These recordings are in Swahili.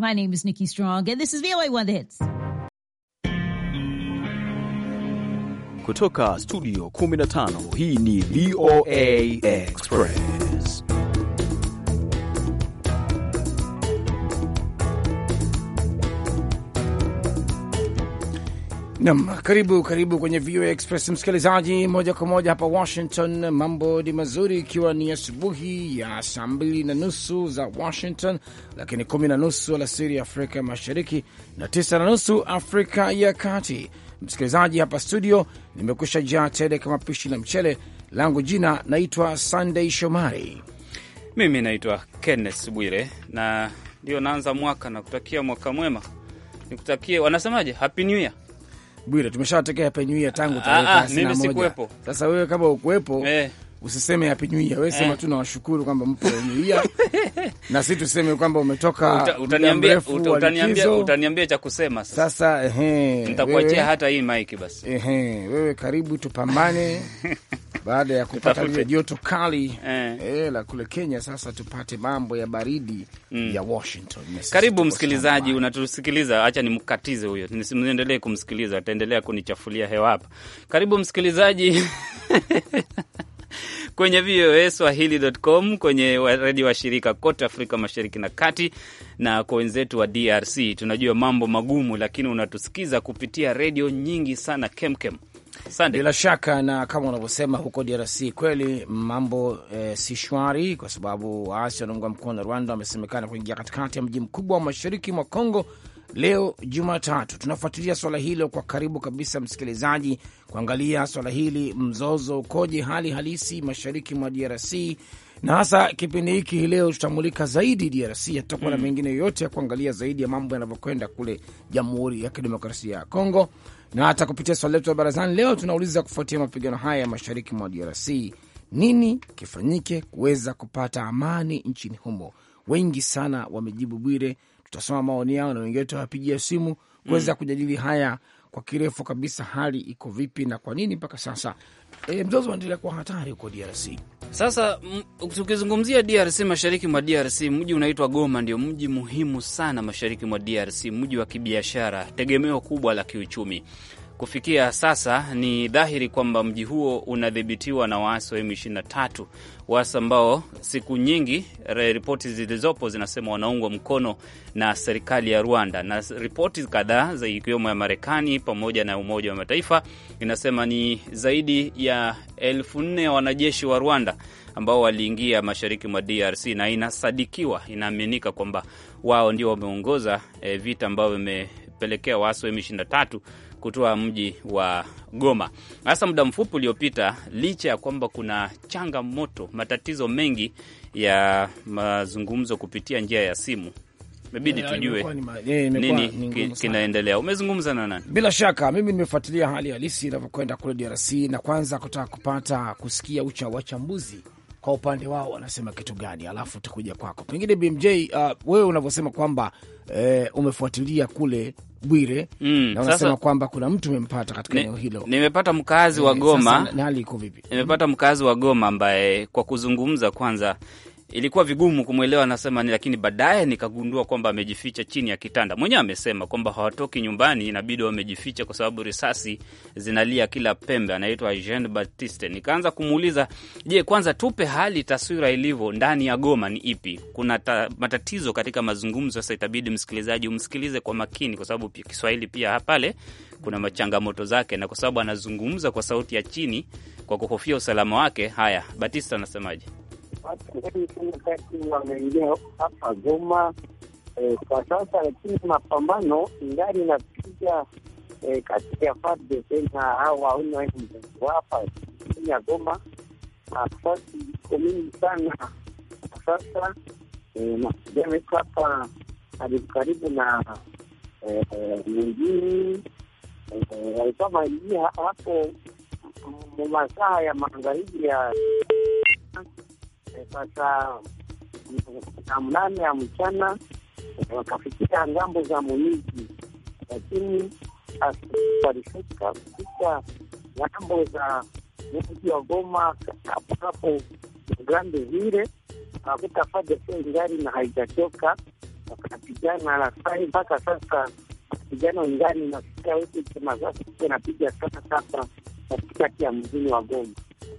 My name is Nikki Strong, and this is VOA One The Hits. Kutoka studio 15 hii ni VOA Express. Nam, karibu karibu kwenye VOA Express msikilizaji, moja kwa moja hapa Washington. Mambo ni mazuri, ikiwa ni asubuhi ya saa mbili na nusu za Washington, lakini kumi na nusu alasiri ya Afrika Mashariki na tisa na nusu Afrika ya Kati. Msikilizaji, hapa studio nimekusha jaa tele kama pishi la mchele langu. Jina naitwa Sunday Shomari, mimi naitwa Kenneth Bwire, na ndio naanza mwaka na kutakia mwaka mwema, nikutakie wanasemaje, happy new year Bwire, tumeshawatekea happy new year tangu tarehe 31. Ah, ah, sasa wewe kama ukuwepo eh. Usiseme happy new year, wewe sema eh. tu nawashukuru kwamba mpo new year na sisi tuseme kwamba umetoka. utaniambia Uta, utaniambia utaniambia cha kusema sasa. Sasa ehe, nitakuachia hata hii mic basi. Ehe, wewe karibu tupambane baada ya kupata lile joto kali eh, eh, la kule Kenya, sasa tupate mambo ya baridi mm, ya Washington. karibu msikilizaji, unatusikiliza. Acha nimkatize huyo, niendelee kumsikiliza, ataendelea kunichafulia hewa hapa. Karibu msikilizaji kwenye VOA Swahili.com, kwenye redio wa shirika kote Afrika Mashariki na Kati, na kwa wenzetu wa DRC tunajua mambo magumu, lakini unatusikiza kupitia redio nyingi sana kemkem -kem. Sunday. Bila shaka na kama unavyosema huko DRC kweli mambo e, si shwari kwa sababu waasi wanaunga mkono na Rwanda wamesemekana kuingia katikati ya mji mkubwa wa mashariki mwa Kongo leo Jumatatu. Tunafuatilia swala hilo kwa karibu kabisa, msikilizaji, kuangalia swala hili, mzozo ukoje, hali halisi mashariki mwa DRC na hasa kipindi hiki leo tutamulika zaidi DRC. Hatutakuwa na hmm. mengine yoyote ya kuangalia zaidi ya mambo yanavyokwenda kule Jamhuri ya Kidemokrasia ya Kongo, na hata kupitia swali letu la barazani leo tunauliza, kufuatia mapigano haya ya mashariki mwa DRC, nini kifanyike kuweza kupata amani nchini humo? Wengi sana wamejibu, Bwire, tutasoma maoni yao na wengine tutawapigia simu kuweza mm, kujadili haya kwa kirefu kabisa, hali iko vipi na kwa nini mpaka sasa e, mzozo unaendelea kuwa hatari huko DRC. Sasa tukizungumzia DRC, mashariki mwa DRC, mji unaitwa Goma ndio mji muhimu sana mashariki mwa DRC, mji wa kibiashara, tegemeo kubwa la kiuchumi. Kufikia sasa ni dhahiri kwamba mji huo unadhibitiwa na waasi wa M23, waasi ambao siku nyingi ripoti zilizopo zinasema wanaungwa mkono na serikali ya Rwanda, na ripoti kadhaa za ikiwemo ya Marekani pamoja na Umoja wa Mataifa inasema ni zaidi ya elfu nne ya wanajeshi wa Rwanda ambao waliingia mashariki mwa DRC na inasadikiwa, inaaminika kwamba wao ndio wameongoza eh, vita ambavyo vimepelekea waasi wa M23 kutoa mji wa Goma. Hasa muda mfupi uliopita, licha ya kwamba kuna changamoto, matatizo mengi ya mazungumzo kupitia njia ya simu imebidi eh, eh, tujue eh, nini kinaendelea. Umezungumza na nani? Bila shaka mimi nimefuatilia hali halisi inavyokwenda kule DRC na kwanza kutaka kupata kusikia ucha wachambuzi kwa upande wao wanasema kitu gani, alafu tukuja kwako pengine BMJ. Uh, wewe unavyosema kwamba eh, umefuatilia kule Bwire mm, na unasema kwamba kuna mtu umempata katika eneo hilo. Nimepata mkazi wa eh, Goma. Sasa hali iko vipi? Nimepata mkazi wa Goma ambaye kwa kuzungumza kwanza ilikuwa vigumu kumwelewa, anasema ni, lakini baadaye nikagundua kwamba amejificha chini ya kitanda. Mwenyewe amesema kwamba hawatoki nyumbani, inabidi wamejificha kwa sababu risasi zinalia kila pembe. Anaitwa Jean Baptiste. Nikaanza kumuuliza, je, kwanza tupe hali taswira ilivyo ndani ya Goma ni ipi? Kuna ta, matatizo katika mazungumzo. Sasa itabidi msikilizaji umsikilize kwa makini, kwa sababu Kiswahili pia pale kuna machangamoto zake, na kwa sababu anazungumza kwa sauti ya chini kwa kuhofia usalama wake. Haya, Batista anasemaje? wakati wa hapa Goma eh, kwa sasa, lakini mapambano ingari inapiga eh, kati ya FARDC na hawa hapa ya Goma. Nafasi iko mingi sana sasa, mapigano eh, iko hapa karibu karibu na mwingine walikuwa maingia hapo mm, masaa ya magharibi ya sasa saa mm, mnane ya mchana wakafikia ngambo za Muniji, lakini walifika kufika ngambo za mji wa Goma hapo hapo Grande wakuta faja sio ingari na haijachoka, wakapigana nasai mpaka sasa mapigano ingari nasikia wetu sema sasa napiga sana sasa katikati ya mjini wa Goma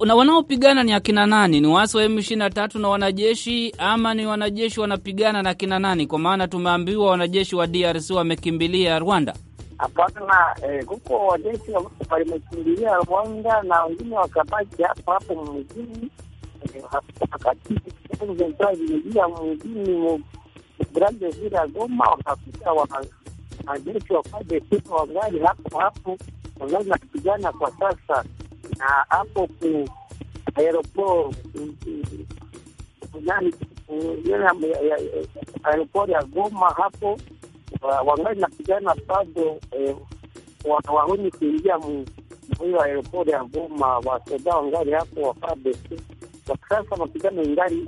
na wanaopigana ni akina nani? Ni waasi wa M23 na wanajeshi ama ni wanajeshi wanapigana na akina nani? Kwa maana tumeambiwa wanajeshi wa DRC wamekimbilia Rwanda. Hapana, eh, wajeshi walimekimbilia Rwanda na wengine wakabaki hapo hapo mjini eh, vimejia mjini Brazzaville vila Goma, wakakuta wanajeshi wa FARDC e wangali hapo hapo wangali wanapigana kwa sasa na hapo ku aeroport ya Goma hapo wangali napigana bado eh, wahuni kuingia hiyo aeroport ya Goma, wasoda wangali hapo wafade wakisasa mapigano ingali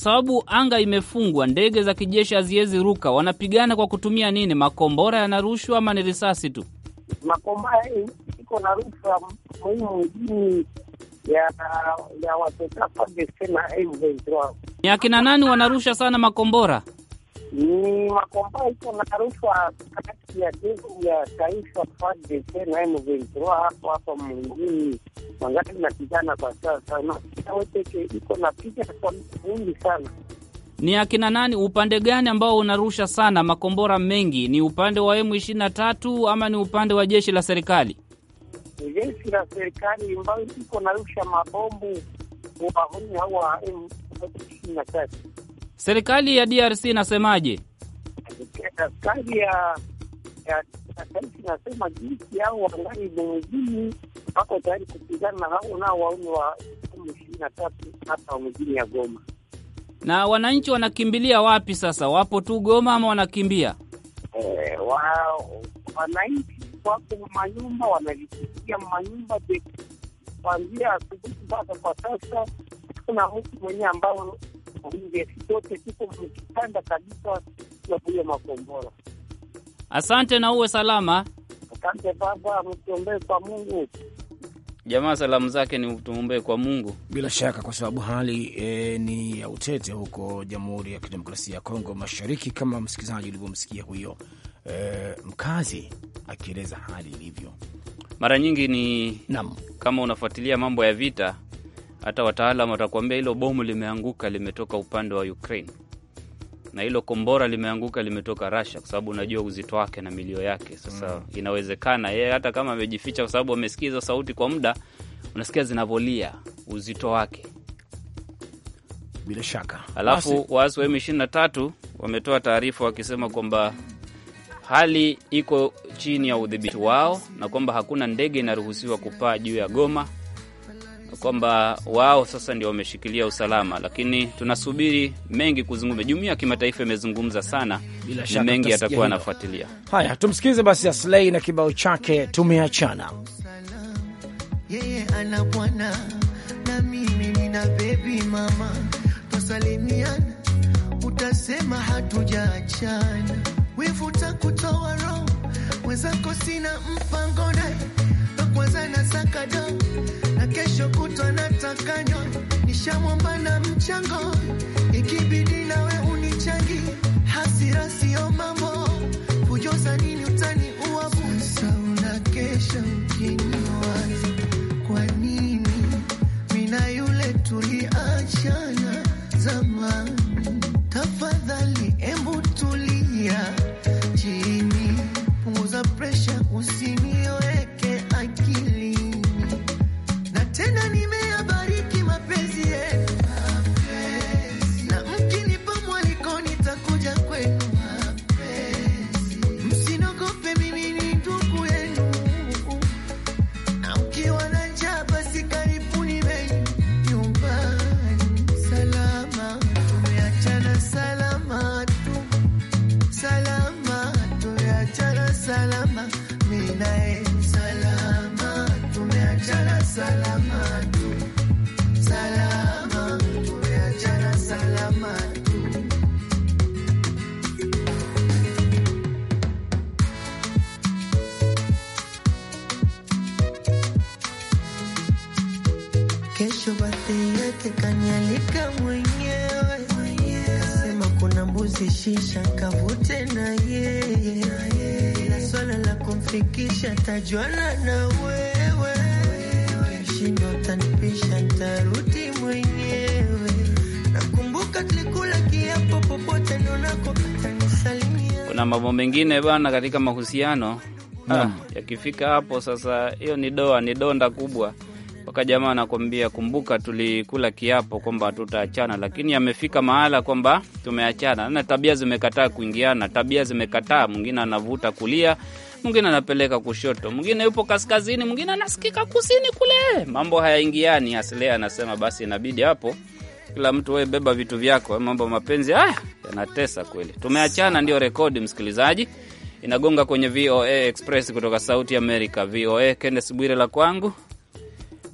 sababu anga imefungwa, ndege za kijeshi haziwezi ruka. Wanapigana kwa kutumia nini? Makombora yanarushwa ama ni risasi tu? Makombora iko na rushwa muhimu mjini ya ya akina nani wanarusha sana makombora ni makombora makombozi maarufa kati ya timu ya taifa FARDC na M23 hapo hapo mlingini wangali na kijana kwa sasa naweteke iko na picha kwa mingi sana. Ni akina nani, upande gani ambao unarusha sana makombora mengi? Ni upande wa M23 ama ni upande wa jeshi la serikali? Jeshi la serikali ambayo iko narusha mabombu wahuni hawa M23. Serikali ya DRC inasemaje? Serikali ya taifa inasema jinsi yao wangali mwezimu wako tayari kupigana na hao nao waume wa ishirini na tatu hapa mwezini ya Goma. Na wananchi wanakimbilia wapi sasa? Wapo tu Goma ama wanakimbia? E, wananchi wako manyumba, wanavitikia manyumba kuanzia asubuhi mpaka kwa sasa, kuna mtu mwenyewe ambao tulize sote, tuko kabisa makombora. Asante na uwe salama. Asante baba, mtuombee kwa Mungu. Jamaa salamu zake ni tuombee kwa Mungu bila shaka, kwa sababu hali e, ni ya utete huko Jamhuri ya Kidemokrasia ya Kongo Mashariki, kama msikilizaji ulivyomsikia huyo e, mkazi akieleza hali ilivyo. Mara nyingi ni Nam. kama unafuatilia mambo ya vita hata wataalam watakuambia hilo bomu limeanguka limetoka upande wa Ukraine na hilo kombora limeanguka limetoka Russia, kwa sababu unajua uzito wake na milio yake. Sasa mm. inawezekana yeye hata kama amejificha, kwa sababu amesikia hizo sauti kwa muda, unasikia zinavolia uzito wake bila shaka. Alafu waasi wa m tatu wametoa taarifa wakisema kwamba hali iko chini ya udhibiti wao na kwamba hakuna ndege inaruhusiwa kupaa juu ya Goma kwamba wao sasa ndio wameshikilia usalama, lakini tunasubiri mengi kuzungumza. jumuia ya kimataifa imezungumza sana, na mengi yatakuwa anafuatilia haya. Tumsikilize basi Aslei na kibao chake tumeachana. Yeye ana bwana na mimi nina bebi mama, twasalimiana, utasema hatujaachana, wivu roho mwenzako sina mpango naye, kwanza nasaka do na kesho kutwa natakanywa, nishamwomba na mchango, ikibidi nawe unichangi. Hasira sio mambo, kujoza nini utani uwabu. Sasa unakesha ukiniwaza, kwa nini mina yule tuliachana zamani na wewe, ntarudi mwenyewe. Nakumbuka tulikula kiapo, popote nionako Kuna mambo mengine bana katika mahusiano ah, yakifika hapo sasa, hiyo ni doa, ni donda kubwa mpaka jamaa anakwambia kumbuka, tulikula kiapo kwamba tutaachana, lakini amefika mahala kwamba tumeachana, na tabia zimekataa kuingiana, tabia zimekataa. Mwingine anavuta kulia mwingine anapeleka kushoto, mwingine yupo kaskazini, mwingine anasikika kusini kule. Mambo hayaingiani. Aslea anasema basi inabidi hapo kila mtu wewe beba vitu vyako. Mambo mapenzi haya yanatesa kweli. Tumeachana ndio rekodi, msikilizaji inagonga kwenye VOA Express kutoka Sauti America. VOA Kennes Bwire la kwangu,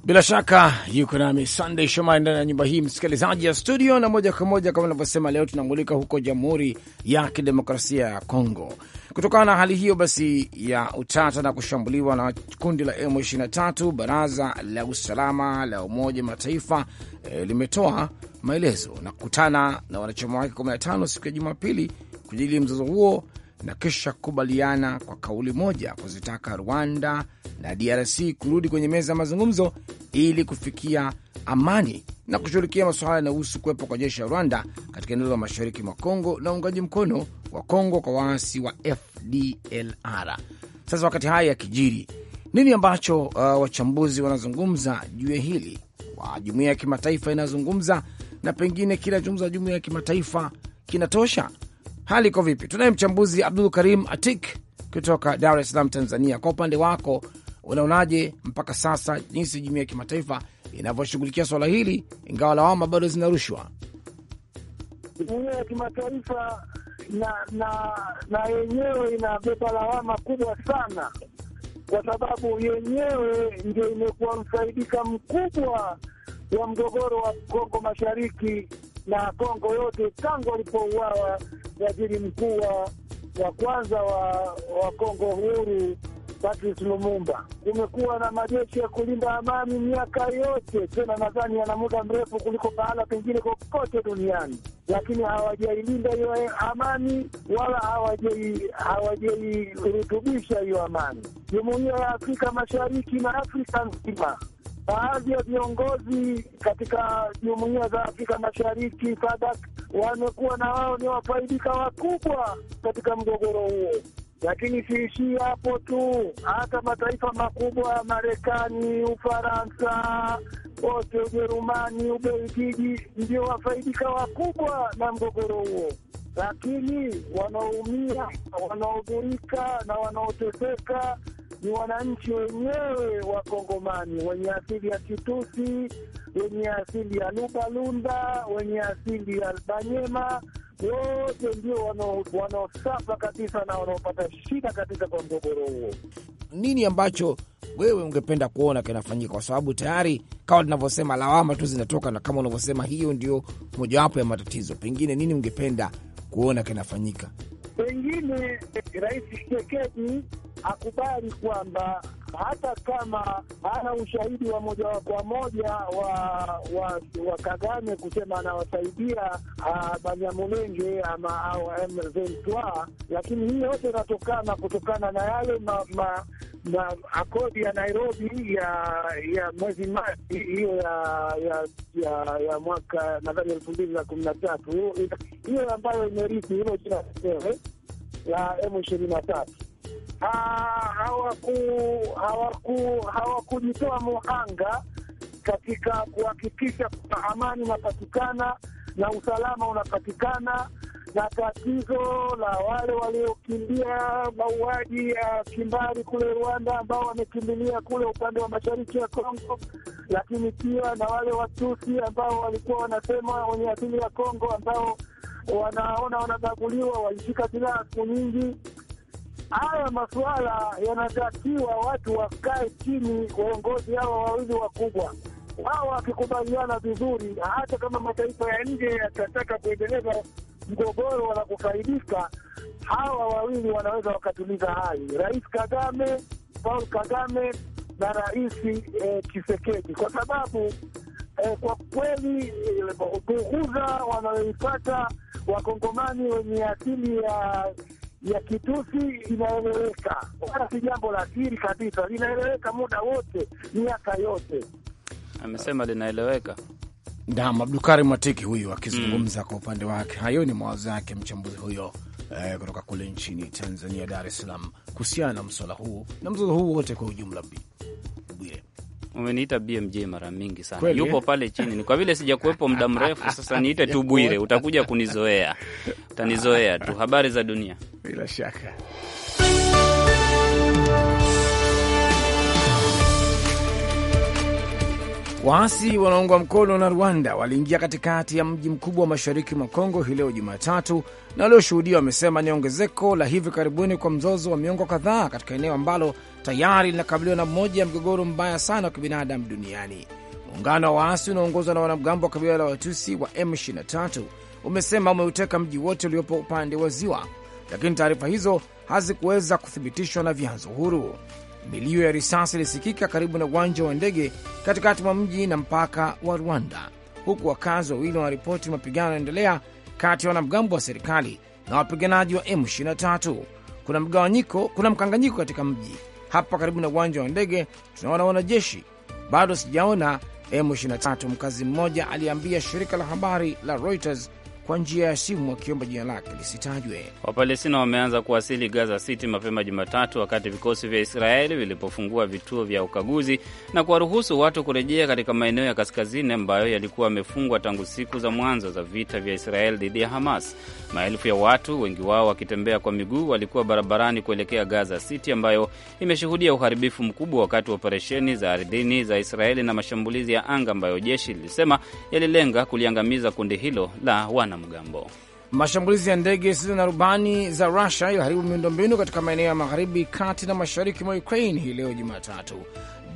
bila shaka yuko nami Sunday Shomari ndani ya nyumba hii msikilizaji ya studio, na moja kwa moja kama unavyosema, leo tunamulika huko Jamhuri ya Kidemokrasia ya Kongo Kutokana na hali hiyo basi ya utata na kushambuliwa na kundi la M23, baraza la usalama la Umoja Mataifa e, limetoa maelezo na kukutana na wanachama wake 15 siku ya Jumapili kujadili mzozo huo na kisha kukubaliana kwa kauli moja kuzitaka Rwanda na DRC kurudi kwenye meza ya mazungumzo ili kufikia amani na kushughulikia masuala yanayohusu kuwepo kwa jeshi la Rwanda katika eneo la mashariki mwa Kongo na uungaji mkono wa Kongo kwa waasi wa FDLR. Sasa wakati haya yakijiri, nini ambacho uh, wachambuzi wanazungumza juu ya hili, wa jumuiya ya kimataifa inazungumza, na pengine kila zungumza jumuiya ya kimataifa kinatosha? Hali iko vipi? Tunaye mchambuzi Abdul Karim Atik kutoka Dar es Salaam, Tanzania. Kwa upande wako Unaonaje mpaka sasa jinsi jumuiya ya kimataifa inavyoshughulikia swala hili, ingawa lawama bado zinarushwa? Jumuiya ya kimataifa na na na yenyewe inabeba lawama kubwa sana, kwa sababu yenyewe ndio imekuwa mfaidika mkubwa wa mgogoro wa Kongo Mashariki na Kongo yote tangu walipouawa waziri mkuu wa kwanza wa, wa Kongo huru Patrice Lumumba. Kumekuwa na majeshi ya kulinda amani miaka yote, tena nadhani yana muda mrefu kuliko pahala pengine kokote duniani, lakini hawajailinda hiyo amani wala hawajairutubisha hiyo amani. Jumuiya ya Afrika Mashariki na Afrika nzima baadhi ya viongozi katika jumuiya za Afrika Mashariki SADC wamekuwa na wao ni wafaidika wakubwa katika mgogoro huo. Lakini siishi hapo tu, hata mataifa makubwa ya Marekani, Ufaransa, wote Ujerumani, Ubelgiji ndio wafaidika wakubwa na mgogoro huo, lakini wanaoumia, wanaodhurika na wanaoteseka ni wananchi wenyewe wa Kongomani wenye asili ya Kitusi, wenye asili ya Lubalunda, wenye asili ya Banyema wote ndio wanaosafa kabisa na wanaopata shida kabisa kwa mgogoro huo. Nini ambacho wewe ungependa kuona kinafanyika? Kwa sababu tayari kama tunavyosema, lawama tu zinatoka, na kama unavyosema, hiyo ndio mojawapo ya matatizo. Pengine nini ungependa kuona kinafanyika? Pengine Rais Tshisekedi akubali kwamba hata kama hana ushahidi wa moja kwa moja wa, wa, wa Kagame kusema anawasaidia ah, Banyamulenge ama au M23, lakini hii yote inatokana kutokana na yale ma, ma, akodi ya Nairobi ya ya mwezi Machi hiyo ya ya, ya ya mwaka nadhani elfu mbili na kumi na tatu hiyo ambayo imerithi hilo jina lenyewe la M ishirini na tatu hawakujitoa muhanga katika kuhakikisha kwamba amani inapatikana na usalama unapatikana na tatizo la wale waliokimbia mauaji ya kimbari kule Rwanda, ambao wamekimbilia kule upande wa mashariki ya Kongo, lakini pia na wale Watusi ambao walikuwa wanasema wenye asili ya Kongo ambao wanaona wanabaguliwa, walishika silaha siku nyingi. Haya masuala yanatakiwa watu wakae chini, waongozi hawa wawili wakubwa wao wakikubaliana vizuri, hata kama mataifa ya nje yatataka kuendeleza mgogoro na kufaidika, hawa wawili wanaweza wakatuliza hali, Rais Kagame, Paul Kagame na Rais eh, Tshisekedi, kwa sababu eh, kwa kweli bugudha eh, wanayoipata wakongomani wenye asili ya ya Kitusi inaeleweka, wala si jambo la siri kabisa, linaeleweka muda wote, miaka yote. Amesema linaeleweka. Naam, abdukari Matiki huyu akizungumza mm, kwa upande wake. Hayo ni mawazo yake mchambuzi huyo eh, kutoka kule nchini Tanzania, Dar es Salaam, kuhusiana na mswala huu na mzozo huu wote kwa ujumla. Bwire, umeniita BMJ mara mingi sana Kwele. Yupo pale chini, ni kwa vile sijakuwepo muda mrefu sasa, niite tu Bwire, utakuja kunizoea, utanizoea tu. Habari za dunia, bila shaka. Waasi wanaungwa mkono na Rwanda waliingia katikati ya mji mkubwa wa mashariki mwa Kongo hii leo Jumatatu, na walioshuhudia wamesema ni ongezeko la hivi karibuni kwa mzozo wa miongo kadhaa katika eneo ambalo tayari linakabiliwa na mmoja ya mgogoro mbaya sana wa kibinadamu duniani. Muungano wa waasi unaongozwa na wanamgambo wa kabila la Watusi wa M23 umesema umeuteka mji wote uliopo upande wa ziwa, lakini taarifa hizo hazikuweza kuthibitishwa na vyanzo huru. Milio ya risasi ilisikika karibu na uwanja wa ndege katikati mwa mji na mpaka wa Rwanda, huku wakazi wawili wanaripoti mapigano yanaendelea kati ya wanamgambo wa serikali na wapiganaji wa M23. Kuna mgawanyiko, kuna mkanganyiko katika mji. Hapa karibu na uwanja wa ndege tunaona wanajeshi, bado sijaona M23, mkazi mmoja aliambia shirika la habari la Reuters kwa njia ya simu wakiomba jina lake lisitajwe. Wapalestina wameanza kuwasili Gaza City mapema Jumatatu, wakati vikosi vya Israeli vilipofungua vituo vya ukaguzi na kuwaruhusu watu kurejea katika maeneo ya kaskazini ambayo yalikuwa yamefungwa tangu siku za mwanzo za vita vya Israeli dhidi ya Hamas. Maelfu ya watu, wengi wao wakitembea kwa miguu, walikuwa barabarani kuelekea Gaza City ambayo imeshuhudia uharibifu mkubwa wakati wa operesheni za ardhini za Israeli na mashambulizi ya anga ambayo jeshi lilisema yalilenga kuliangamiza kundi hilo la wana wanamgambo. Mashambulizi ya ndege zisizo na rubani za Rusia yaliharibu miundombinu katika maeneo ya magharibi, kati na mashariki mwa Ukraine hii leo Jumatatu.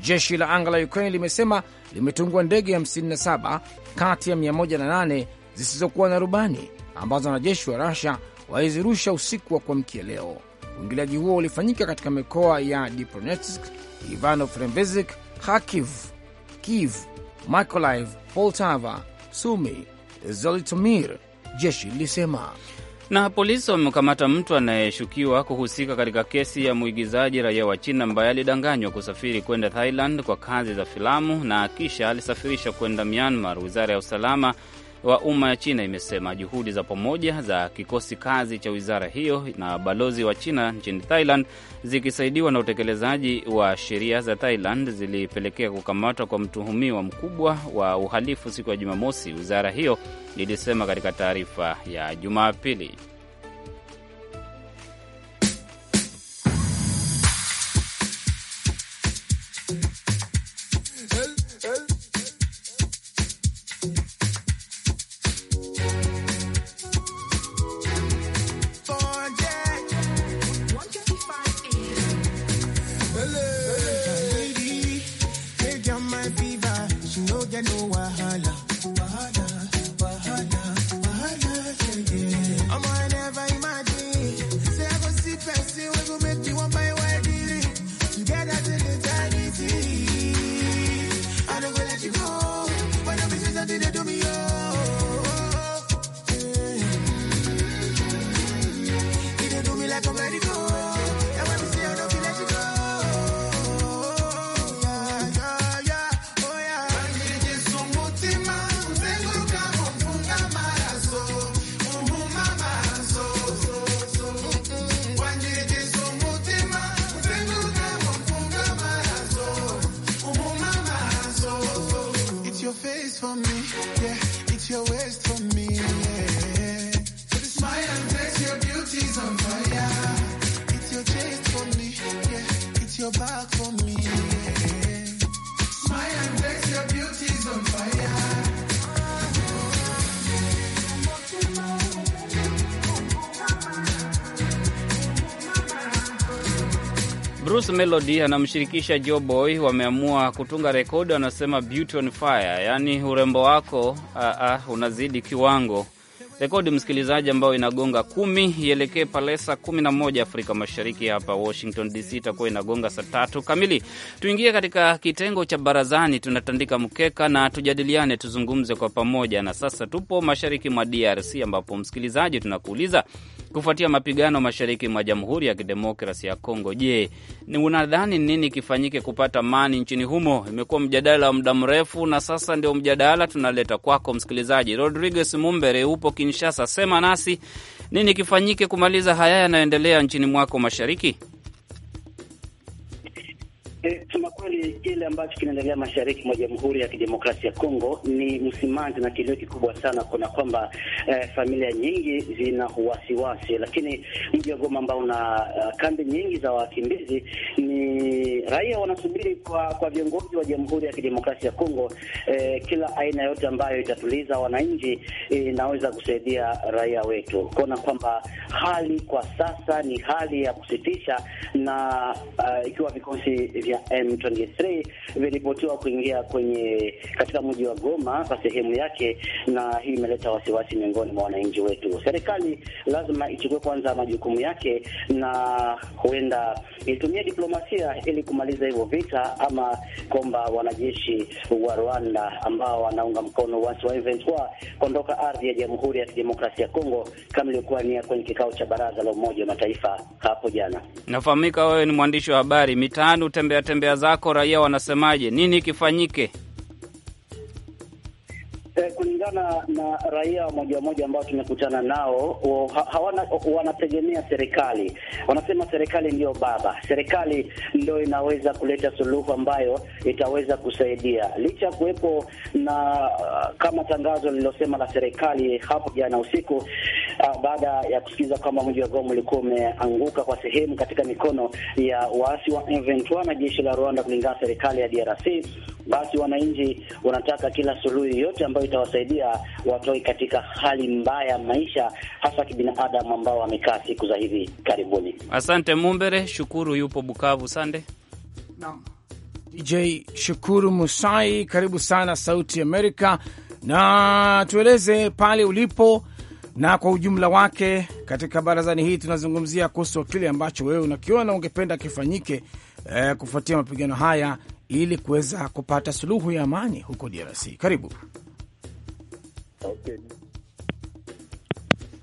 Jeshi la anga la Ukraine limesema limetungua ndege 57 kati ya 108 zisizokuwa na rubani ambazo wanajeshi wa Rusia walizirusha usiku wa kuamkia leo. Uingiliaji huo ulifanyika katika mikoa ya Dnipronetsk, Ivano Frembezik, Kharkiv, Kiev, Mykolaiv, Poltava, Sumi, Zolitomir jeshi lilisema. Na polisi wamekamata mtu anayeshukiwa kuhusika katika kesi ya mwigizaji raia wa China ambaye alidanganywa kusafiri kwenda Thailand kwa kazi za filamu na kisha alisafirisha kwenda Myanmar. Wizara ya usalama wa umma ya China imesema juhudi za pamoja za kikosi kazi cha wizara hiyo na balozi wa China nchini Thailand zikisaidiwa na utekelezaji wa sheria za Thailand zilipelekea kukamatwa kwa mtuhumiwa mkubwa wa uhalifu siku ya Jumamosi, wizara hiyo ilisema katika taarifa ya Jumapili. Melody anamshirikisha Joboy wameamua kutunga rekodi, wanasema beauty on fire, yaani urembo wako uh, uh, unazidi kiwango. Rekodi msikilizaji, ambayo inagonga kumi ielekee palesa kumi na moja Afrika Mashariki. Hapa Washington DC itakuwa inagonga saa tatu kamili. Tuingie katika kitengo cha barazani, tunatandika mkeka na tujadiliane, tuzungumze kwa pamoja. Na sasa tupo mashariki mwa DRC ambapo msikilizaji, tunakuuliza kufuatia mapigano mashariki mwa Jamhuri ya Kidemokrasi ya Kongo. Je, ni unadhani nini kifanyike kupata amani nchini humo? Imekuwa mjadala wa muda mrefu, na sasa ndio mjadala tunaleta kwako msikilizaji. Rodriguez Mumbere upo Kinshasa, sema nasi, nini kifanyike kumaliza haya yanayoendelea nchini mwako mashariki? E, kusema kweli kile ambacho kinaendelea mashariki mwa Jamhuri ya Kidemokrasia ya Kongo ni msimanzi na kilio kikubwa sana, kuna kwamba eh, familia nyingi zina wasiwasi, lakini mji wa Goma ambao una uh, kambi nyingi za wakimbizi, ni raia wanasubiri kwa kwa viongozi wa Jamhuri ya Kidemokrasia ya Kongo eh, kila aina yote ambayo itatuliza wananchi e, inaweza eh, kusaidia raia wetu kuona kwamba hali kwa sasa ni hali ya kusitisha, na uh, ikiwa vikosi vya M23 vilipotiwa kuingia kwenye katika mji wa Goma kwa sehemu yake, na hii imeleta wasiwasi miongoni mwa wananchi wetu. Serikali lazima ichukue kwanza majukumu yake, na huenda itumie diplomasia ili kumaliza hivyo vita, ama kwamba wanajeshi wa Rwanda ambao wanaunga mkono wasi wa M23 kuondoka ardhi ya Jamhuri ya Kidemokrasia ya Kongo kama ilikuwa nia kwenye kikao cha Baraza la Umoja wa Mataifa hapo jana. Nafahamika wewe ni mwandishi wa habari mitaani, utembea tembea tembea zako, raia wanasemaje? Nini kifanyike? Eh, kulingana na raia moja moja ambao tumekutana nao ha, hawana, wanategemea serikali. Wanasema serikali ndio baba, serikali ndio inaweza kuleta suluhu ambayo itaweza kusaidia, licha ya kuwepo na uh, kama tangazo lililosema la serikali hapo jana usiku uh, baada ya kusikiza kwamba mji wa Goma ulikuwa umeanguka kwa sehemu katika mikono ya waasi wa M23 na jeshi la Rwanda, kulingana na serikali ya DRC, basi wananchi wanataka kila suluhu yote ambayo itawasaidia kusaidia watoi katika hali mbaya maisha, hasa kibinadamu ambao wamekaa siku za hivi karibuni. Asante Mumbere Shukuru yupo Bukavu. Sande naam. DJ Shukuru Musai, karibu sana Sauti Amerika, na tueleze pale ulipo na kwa ujumla wake katika barazani hii tunazungumzia kuhusu kile ambacho wewe unakiona ungependa kifanyike eh, kufuatia mapigano haya ili kuweza kupata suluhu ya amani huko DRC. Karibu. Okay.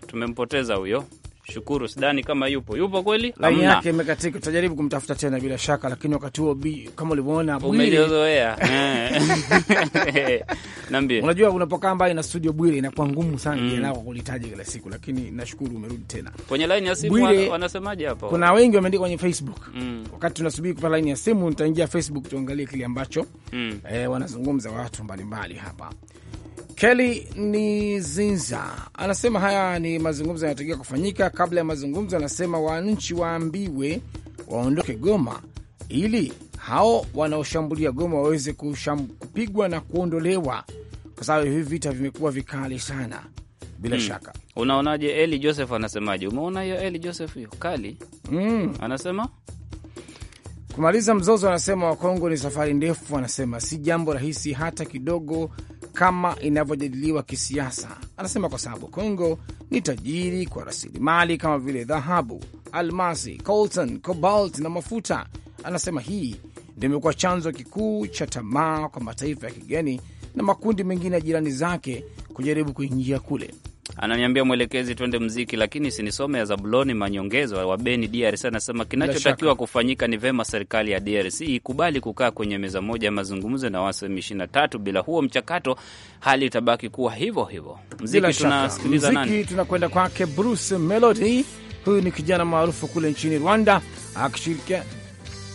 Tumempoteza huyo. Shukuru, sidhani kama yupo. Yupo kweli? Laini yake imekatika, tutajaribu kumtafuta tena bila shaka, lakini wakati huo kama ulivyoona umeliozoea. Eh. Niambie, unajua unapokaa mbali na studio Bwire inakuwa ngumu sana mm, jenako kulitaja kila siku, lakini nashukuru umerudi tena kwenye laini ya simu. Wanasemaje hapo? Kuna wengi wameandika kwenye Facebook mm. Wakati tunasubiri kupata laini ya simu, nitaingia Facebook tuangalie kile ambacho mm, eh, wanazungumza watu mbalimbali hapa Kelly ni Zinza anasema haya ni mazungumzo yanatakiwa kufanyika. Kabla ya mazungumzo, anasema wananchi waambiwe waondoke Goma ili hao wanaoshambulia Goma waweze kupigwa na kuondolewa, kwa sababu hivi vita vimekuwa vikali sana bila hmm, shaka. Unaonaje? Eli Joseph anasemaje? Umeona hiyo Eli Joseph hiyo kali hmm, anasema kumaliza mzozo, anasema Wakongo ni safari ndefu, anasema si jambo rahisi hata kidogo kama inavyojadiliwa kisiasa. Anasema kwa sababu Kongo ni tajiri kwa rasilimali kama vile dhahabu, almasi, coltan, cobalt na mafuta. Anasema hii ndio imekuwa chanzo kikuu cha tamaa kwa mataifa ya kigeni na makundi mengine ya jirani zake kujaribu kuingia kule. Ananiambia mwelekezi, twende mziki, lakini sinisome ya Zabuloni Manyongezo wa Beni, DRC. Anasema kinachotakiwa kufanyika ni vema serikali ya DRC ikubali kukaa kwenye meza moja ya mazungumzo na waasi wa M23. Bila huo mchakato, hali itabaki kuwa hivyo hivyo. Mziki tunasikiliza nani? Tunakwenda kwake Bruce Melody. Huyu ni kijana maarufu kule nchini Rwanda akishirikia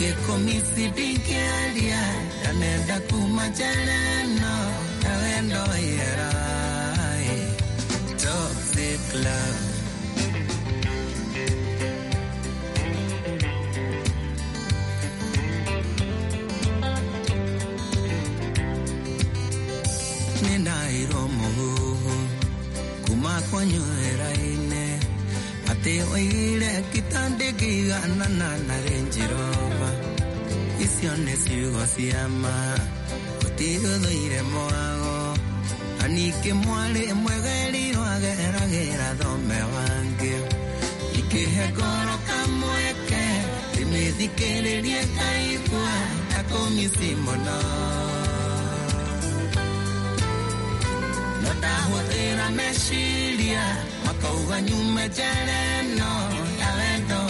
gikomisi bingĩaria ndanenda kuma njara ĩno nawe ndoyera toxic love te oire kitande gigana na narenjirova isione ciugo ciama utiguthire mwago Y mwari mwegeri wageragira thome wange ikihe ngoro kamweke ndimithikiririe con mi mũno ndahũthĩra meciria makauga nyume no ya wendo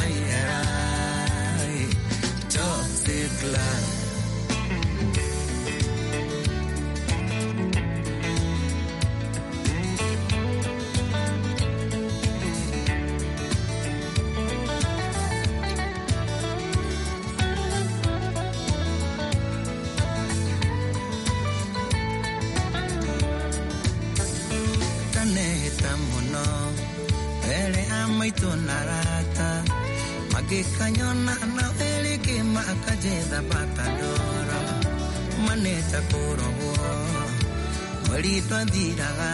ngikanyona naweli kimaka njitha bata ndoro manite kũrogwo mweri twathiraga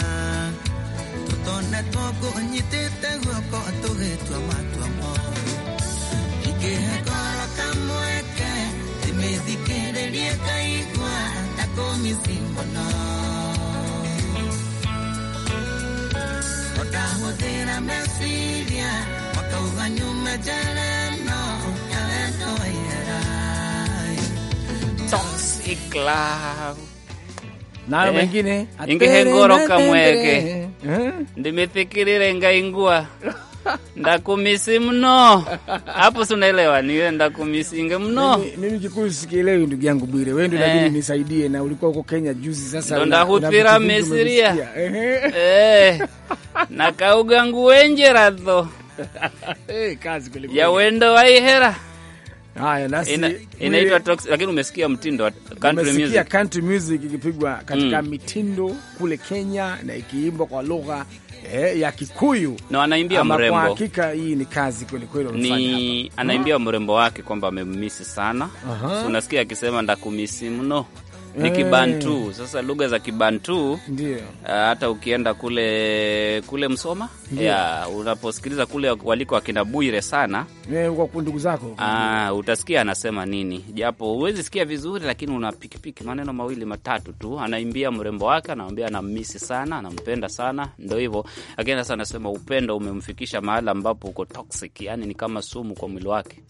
tũtone tũkũnyitĩte guoko tũgĩtua matua moru ingĩhe ngoro kamweke ĩmĩthikĩrĩrie kaigua ta kũmici mũno ndahũthĩra meciria makauga nyume njere ikla nayo eh, mengine ingihengoroka mweke eh? ndimithikirile ngaingua ndakumisi mno hapo, sunaelewa niwe ndakumisi inge mno mimi kikuu sikielewi, ndugu yangu Bwire, wewe ndio lazima eh. nisaidie, na ulikuwa huko Kenya juzi, sasa ndo ndahupira mesiria eh na kaugangu wenje radho yawendo waihera Haya, nasi ina, inaitwa Toxic, lakini umesikia mtindo wa country music. Umesikia country music ikipigwa katika mm. mitindo kule Kenya na ikiimbwa kwa lugha eh, ya Kikuyu na no, anaimbia mrembo. Kwa hakika hii ni kazi kweli kweli ni hapa. Anaimbia mrembo wake kwamba amemisi sana. Uh -huh. So, unasikia akisema ndakumisi mno ni Kibantu. Sasa lugha za Kibantu ndio uh, hata ukienda kule kule Msoma ya, unaposikiliza kule waliko akina Bwire sana eh, kwa ndugu zako ah, utasikia anasema nini, japo huwezi sikia vizuri, lakini una pikipiki maneno mawili matatu tu, anaimbia mrembo wake, anamwambia anamisi sana, anampenda sana, ndo hivyo. Lakini sasa anasema upendo umemfikisha mahala ambapo uko toxic, yani ni kama sumu kwa mwili wake.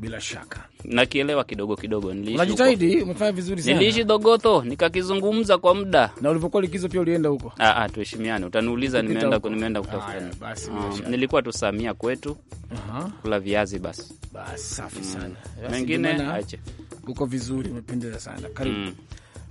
Bila shaka nakielewa kidogo kidogo, unajitahidi, umefanya vizuri sana. Niliishi Dogoto nikakizungumza kwa muda, na ulipokuwa likizo pia ulienda huko. Ah ah, tuheshimiane, utaniuliza nimeenda nimeenda kutafuta nini. Basi mm, nilikuwa tusamia Samia kwetu uh-huh. kula viazi basi. Basi safi mm. sana, mengine ache uko vizuri, umependeza sana, karibu mm.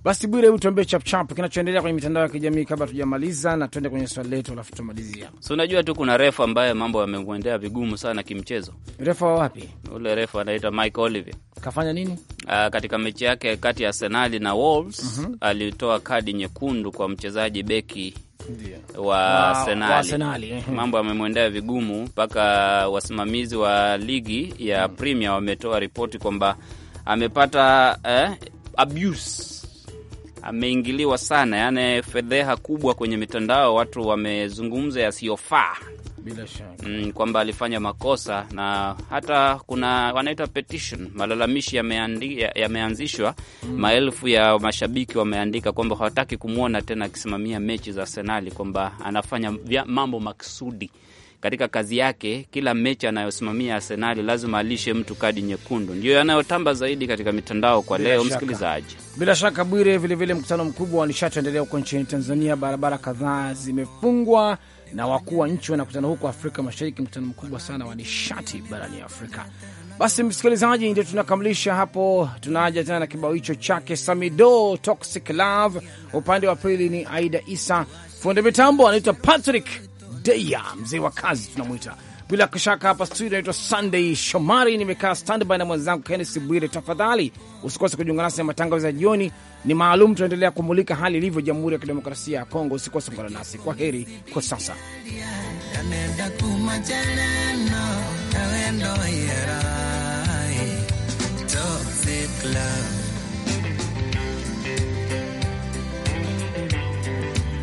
Basi Bwire, hebu tuambie chapchap kinachoendelea kwenye mitandao ya kijamii kabla tujamaliza, na tuende kwenye swali letu, alafu tutamalizia. So unajua tu kuna refa ambaye mambo yamemwendea vigumu sana kimchezo. Refa wa wapi? Ule refa anaitwa Mike Oliver. Kafanya nini? Aa, ah, katika mechi yake kati ya senali na Wolves, mm -hmm. alitoa kadi nyekundu kwa mchezaji beki Ndiyo. wa Arsenali Mambo yamemwendea vigumu mpaka wasimamizi wa ligi ya mm. Premier wametoa ripoti kwamba amepata eh, abuse ameingiliwa sana, yani fedheha kubwa kwenye mitandao, watu wamezungumza yasiyofaa bila shaka mm, kwamba alifanya makosa na hata kuna wanaita petition, malalamishi yameanzishwa ya, ya mm. Maelfu ya mashabiki wameandika kwamba hawataki kumwona tena akisimamia mechi za Arsenali, kwamba anafanya mambo maksudi katika kazi yake, kila mechi anayosimamia Arsenali lazima alishe mtu kadi nyekundu. Ndiyo yanayotamba zaidi katika mitandao kwa bila leo, msikilizaji. Bila shaka Bwire, vilevile mkutano mkubwa wa nishati endelea huko nchini Tanzania, barabara kadhaa zimefungwa na wakuu wa nchi wanakutana huko Afrika Mashariki, mkutano mkubwa sana wa nishati barani Afrika. Basi msikilizaji, ndio tunakamilisha hapo. Tunaaja tena na kibao hicho chake Samido, Toxic Love. Upande wa pili ni Aida Isa, fundi mitambo anaitwa Patrick Deya, mzee wa kazi tunamwita. Bila kushaka hapa studio inaitwa Sunday Shomari, nimekaa standby na mwenzangu Kenneth Bwire. Tafadhali usikose kujiunga nasi na matangazo ya jioni, ni maalum, tunaendelea kumulika hali ilivyo Jamhuri ya Kidemokrasia ya Kongo. Usikose kuungana nasi. Kwa heri kwa sasa.